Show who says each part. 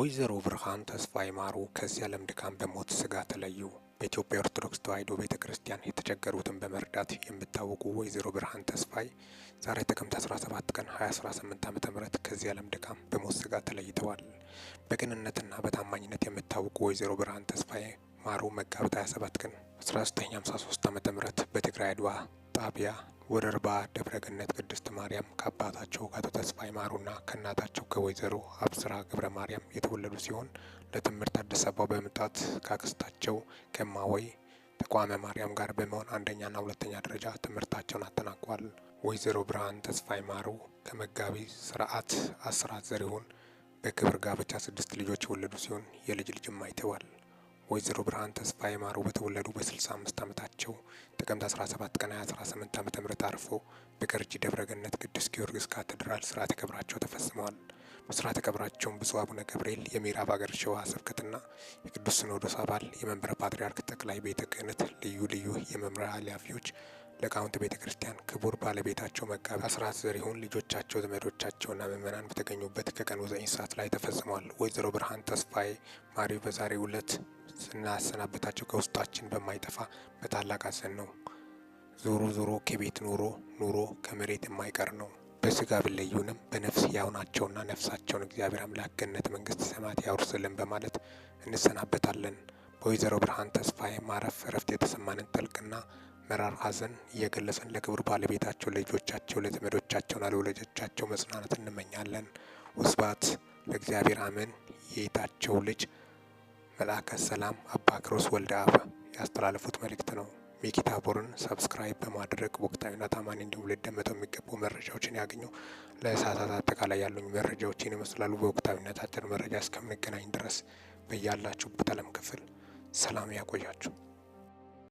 Speaker 1: ወይዘሮ ብርሃን ተስፋ ማሩ ከዚህ ዓለም ድካም በሞት ስጋ ተለዩ። በኢትዮጵያ ኦርቶዶክስ ተዋሕዶ ቤተ ክርስቲያን የተቸገሩትን በመርዳት የምታወቁ ወይዘሮ ብርሃን ተስፋይ ዛሬ ጥቅምት 17 ቀን 2018 ም ከዚህ ዓለም ድካም በሞት ስጋ ተለይተዋል። በቅንነትና በታማኝነት የምታወቁ ወይዘሮ ብርሃን ተስፋይ ማሩ መጋቢት 27 ቀን 1953 ም በትግራይ አድዋ ጣቢያ ወረርባ ደብረ ደብረገነት ቅድስት ማርያም ከአባታቸው ከአቶ ተስፋይ ማሩና ከእናታቸው ከወይዘሮ አብስራ ገብረ ማርያም የተወለዱ ሲሆን ለትምህርት አዲስ አበባ በመምጣት ከአክስታቸው ከማወይ ተቋመ ማርያም ጋር በመሆን አንደኛና ሁለተኛ ደረጃ ትምህርታቸውን አጠናቋል። ወይዘሮ ብርሃን ተስፋይ ማሩ ከመጋቢ ስርዓት አስራት ዘሪሁን በክብር ጋብቻ ስድስት ልጆች የወለዱ ሲሆን የልጅ ልጅም አይተዋል። ወይዘሮ ብርሃን ተስፋ የማሩ በተወለዱ በ65 ዓመታቸው ጥቅምት 17 ቀን 2018 ዓ.ም አርፎ በገርጂ ደብረገነት ቅዱስ ጊዮርጊስ ካቴድራል ስርዓተ ቀብራቸው ተፈጽመዋል። በስርዓተ ቀብራቸውም ብፁዕ አቡነ ገብርኤል የምዕራብ አገር ሸዋ ስብከትና የቅዱስ ሲኖዶስ አባል የመንበረ ፓትርያርክ ጠቅላይ ቤተ ክህነት ልዩ ልዩ የመምሪያ ኃላፊዎች ለቃውንት ቤተ ክርስቲያን ክቡር ባለቤታቸው መጋቢ አስራት ዘሪሁን ልጆቻቸው፣ ዘመዶቻቸውና ምዕመናን በተገኙበት ከቀኑ ዘጠኝ ሰዓት ላይ ተፈጽሟል። ወይዘሮ ብርሃን ተስፋዬ ማሪ በዛሬው ዕለት ስናሰናበታቸው ከውስጣችን በማይጠፋ በታላቅ አዘን ነው። ዞሮ ዞሮ ከቤት ኑሮ ኑሮ ከመሬት የማይቀር ነው። በስጋ ብለዩንም በነፍስ ያው ናቸውና ነፍሳቸውን እግዚአብሔር አምላክ ገነት መንግስት ሰማያት ያውርስልን በማለት እንሰናበታለን። በወይዘሮ ብርሃን ተስፋዬ ማረፍ እረፍት የተሰማንን ጥልቅና መራር ሐዘን እየገለጽን ለክብር ባለቤታቸው፣ ለልጆቻቸው፣ ለዘመዶቻቸውና ለወላጆቻቸው መጽናናት እንመኛለን። ውስባት ለእግዚአብሔር አምን የይታቸው ልጅ መልአከ ሰላም አባ ክሮስ ወልደ አባ ያስተላለፉት መልእክት ነው። ሚኪ ታቦርን ሰብስክራይብ በማድረግ ወቅታዊና ታማኒ እንዲሁም ልደመጠው የሚገቡ መረጃዎችን ያገኙ። ለሰዓታት አጠቃላይ ያሉኝ መረጃዎችን ይመስላሉ። በወቅታዊና አጭር መረጃ እስከምንገናኝ ድረስ በያላችሁበት ዓለም ክፍል ሰላም ያቆያችሁ።